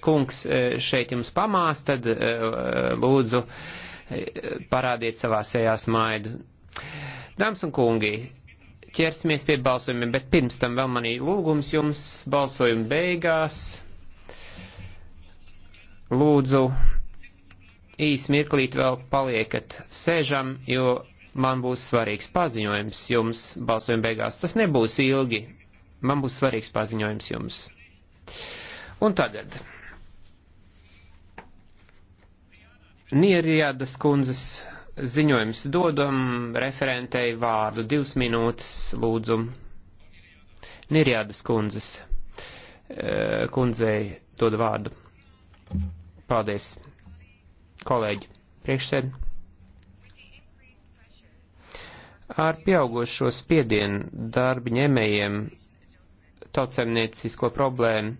kungs e, šeit jums pamās, tad e, lūdzu e, parādiet savā sejā smaidu. Dāmas un kungi, ķersimies pie balsojumiem, bet pirms tam vēl manī lūgums jums balsojuma beigās. Lūdzu, īs mirklīt vēl paliekat sēžam, jo man būs svarīgs paziņojums jums balsojuma beigās. Tas nebūs ilgi. Man būs svarīgs paziņojums jums. Un tagad. Nierjādas kundzes ziņojums dodam referentei vārdu divas minūtes lūdzu. Nierjādas kundzes e, kundzei dod vārdu. Paldies, kolēģi, priekšsēd. Ar pieaugušo spiedienu darba ņēmējiem tautsemniecisko problēmu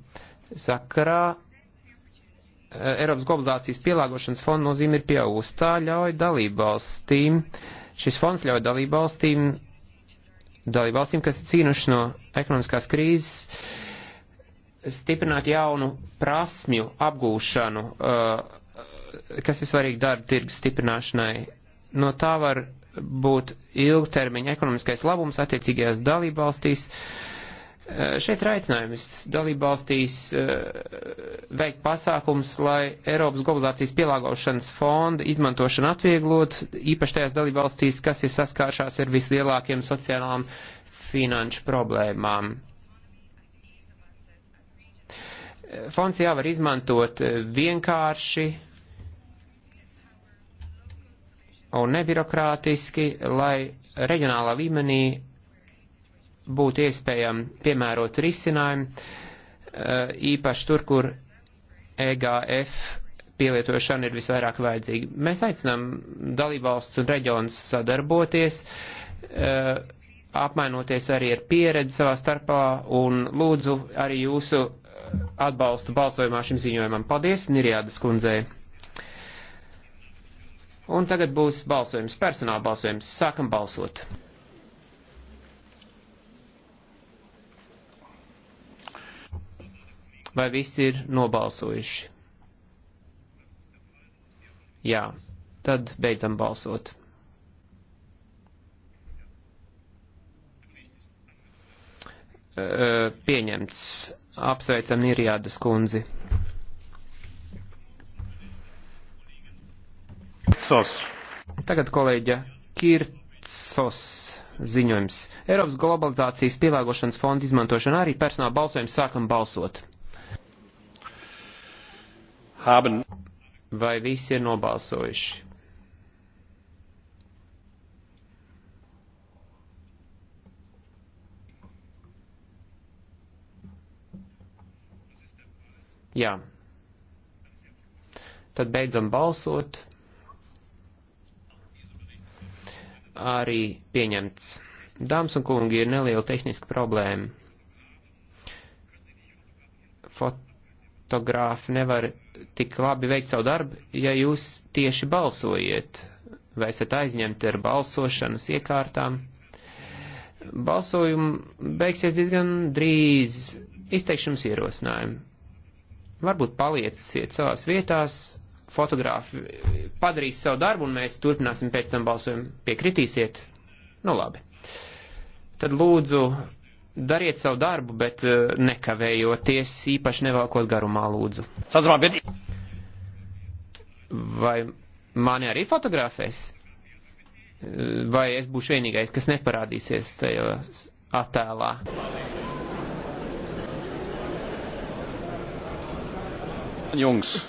sakarā Eh, Eiropas globalizācijas pielāgošanas fonda nozīme ir pieaugusi. Tā ļauj dalībvalstīm, šis fonds ļauj dalībvalstīm, dalībvalstīm, kas ir cīnuši no ekonomiskās krīzes, stiprināt jaunu prasmju apgūšanu, eh, kas ir svarīgi darba tirgus stiprināšanai. No tā var būt ilgtermiņa ekonomiskais labums attiecīgajās dalībvalstīs. valstīs Eh, šeit ir aicinājums dalībvalstīs eh, veikt pasākums, lai Eiropas globalizācijas pielāgošanas fonda izmantošana atvieglot, īpaši tajās dalībvalstīs, kas ir saskāršās ar vislielākiem sociālām finanšu problēmām. Eh, fonds jāvar izmantot vienkārši un nebirokrātiski, lai reģionālā līmenī būtu iespējami piemērot risinājumu, eh, īpaši tur, kur EGF pielietošana ir visvairāk vajadzīga. Mēs aicinām dalībvalsts un reģionus sadarboties, eh, apmainoties arī ar pieredzi savā starpā un lūdzu arī jūsu atbalstu balsojumā šim ziņojumam. Paldies, Nirjādas kundzei! Un tagad būs balsojums, personāla balsojums. Sākam balsot! Vai visi ir nobalsojuši? Jā, tad beidzam balsot. Pieņemts. Apsveicam Irjādas kundzi. Kirtsos. Tagad kolēģa Kirtsos ziņojums. Eiropas globalizācijas pielāgošanas fonda izmantošana arī personāla balsojums sākam balsot haben. Vai visi ir nobalsojuši? Jā. Tad beidzam balsot. Arī pieņemts. Dāmas un kungi, ir neliela tehniska problēma. Fot fotogrāfi nevar tik labi veikt savu darbu, ja jūs tieši balsojiet vai esat aizņemti ar balsošanas iekārtām. Balsojumi beigsies diezgan drīz izteikšanas ierosinājumu. Varbūt palieciet savās vietās, fotogrāfi padarīs savu darbu un mēs turpināsim pēc tam balsojumu. Piekritīsiet? Nu labi. Tad lūdzu dariet savu darbu, bet eh, nekavējoties, īpaši nevalkot garumā, lūdzu. Vai mani arī fotografēs? Eh, vai es būšu vienīgais, kas neparādīsies tajā attēlā? Jungs.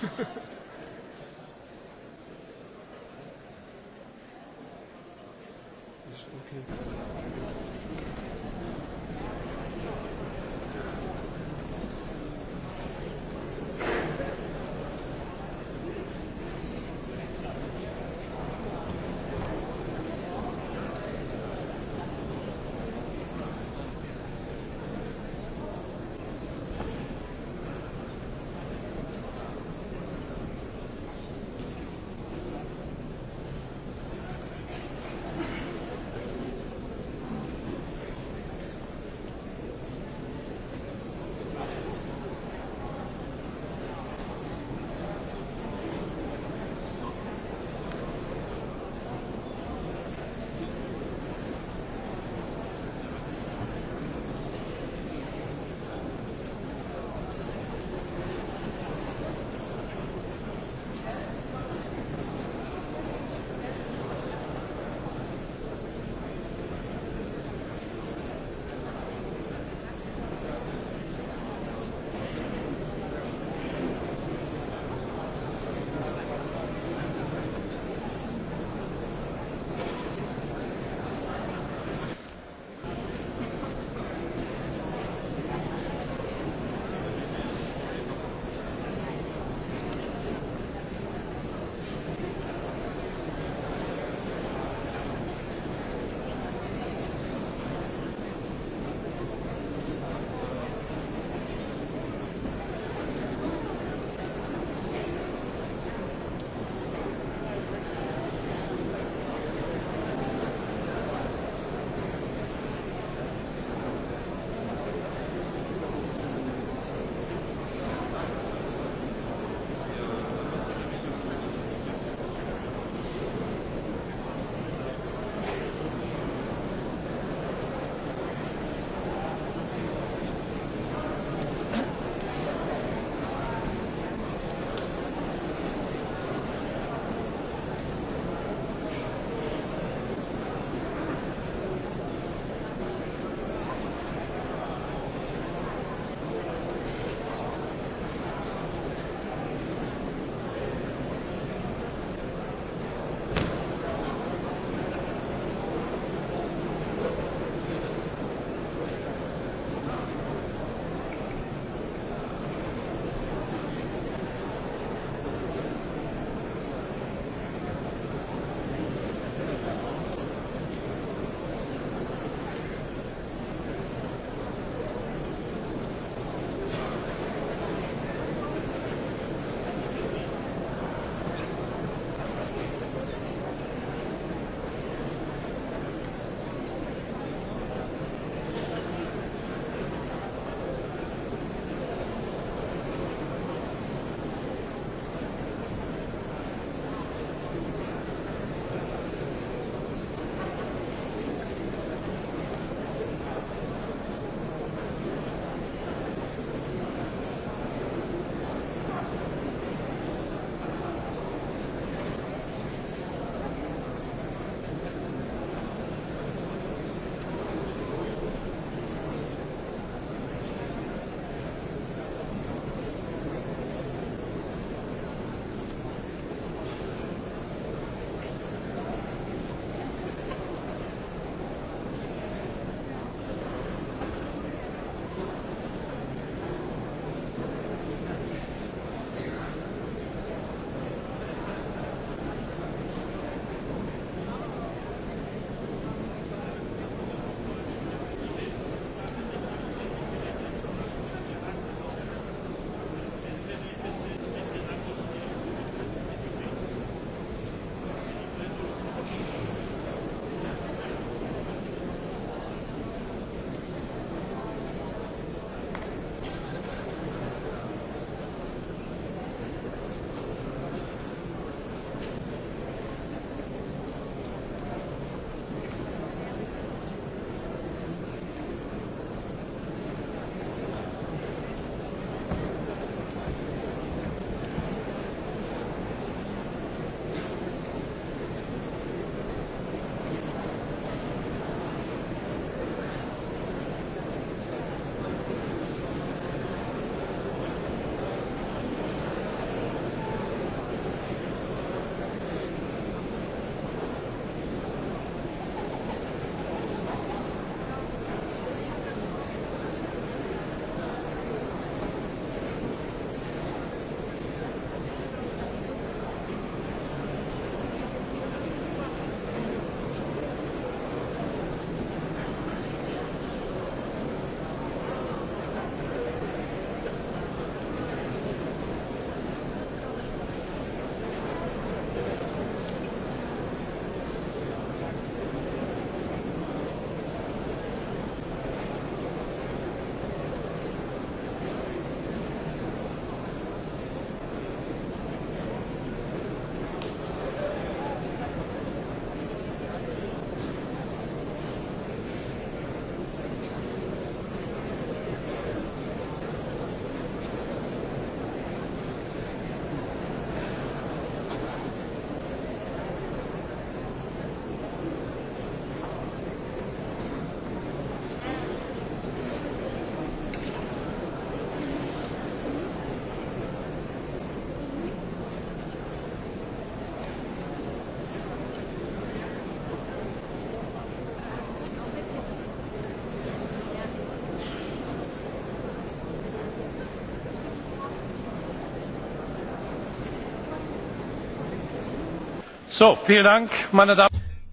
So, dank, da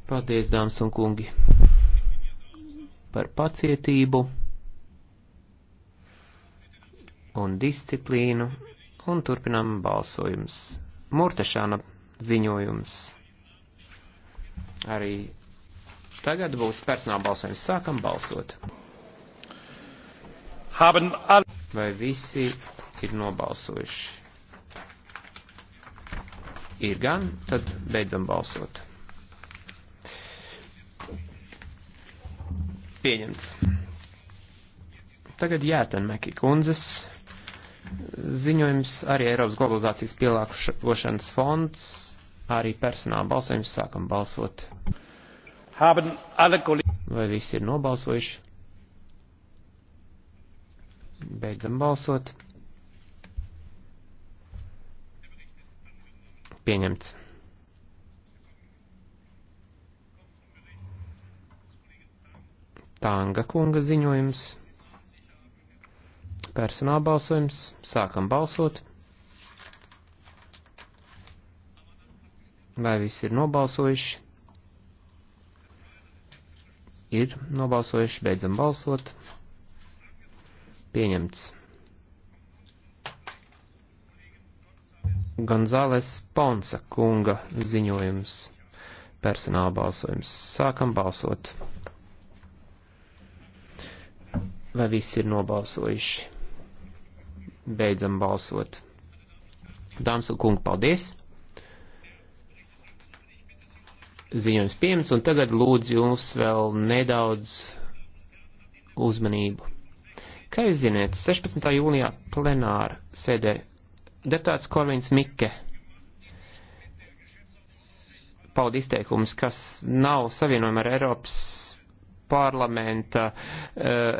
Paldies, dāmas un kungi, par pacietību un disciplīnu, un turpinām balsojums. Murtešana ziņojums. Arī tagad būs personāla balsojums. Sākam balsot. Vai visi ir nobalsojuši? ir gan, tad beidzam balsot. Pieņemts. Tagad jātenmeki kundzes ziņojums arī Eiropas globalizācijas pielāgošanas fonds, arī personāla balsojums sākam balsot. Vai visi ir nobalsojuši? Beidzam balsot. Pieņemts. Tanga kunga ziņojums. Personāla balsojums. Sākam balsot. Vai visi ir nobalsojuši? Ir nobalsojuši, beidzam balsot. Pieņemts. Gonzāles Ponsa kunga ziņojums. Personāla balsojums. Sākam balsot. Vai visi ir nobalsojuši? Beidzam balsot. Dāmas un kungi, paldies! Ziņojums pieņems, un tagad lūdzu jums vēl nedaudz uzmanību. Kā jūs ziniet, 16. jūnijā plenāra sēdē Deputāts Korvins Mikke pauda izteikumus, kas nav savienojama ar Eiropas parlamenta uh,